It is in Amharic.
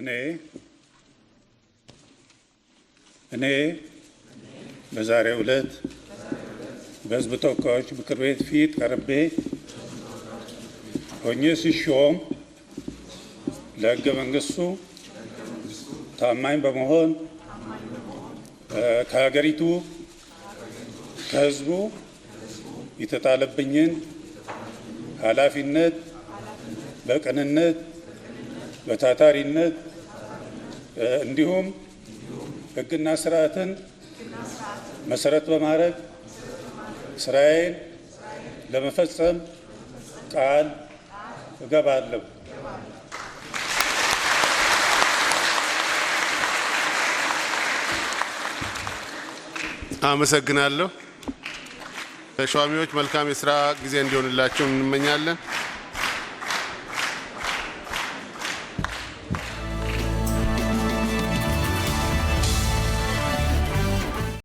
እኔ እኔ በዛሬው ዕለት በሕዝብ ተወካዮች ምክር ቤት ፊት ቀርቤ ሆኜ ሲሾም ለሕገ መንግሥቱ ታማኝ በመሆን ከሀገሪቱ ከሕዝቡ የተጣለብኝን ኃላፊነት በቅንነት በታታሪነት እንዲሁም ሕግና ስርዓትን መሰረት በማድረግ ስራዬን ለመፈጸም ቃል እገባለሁ። አመሰግናለሁ። ተሿሚዎች መልካም የስራ ጊዜ እንዲሆንላቸው እንመኛለን።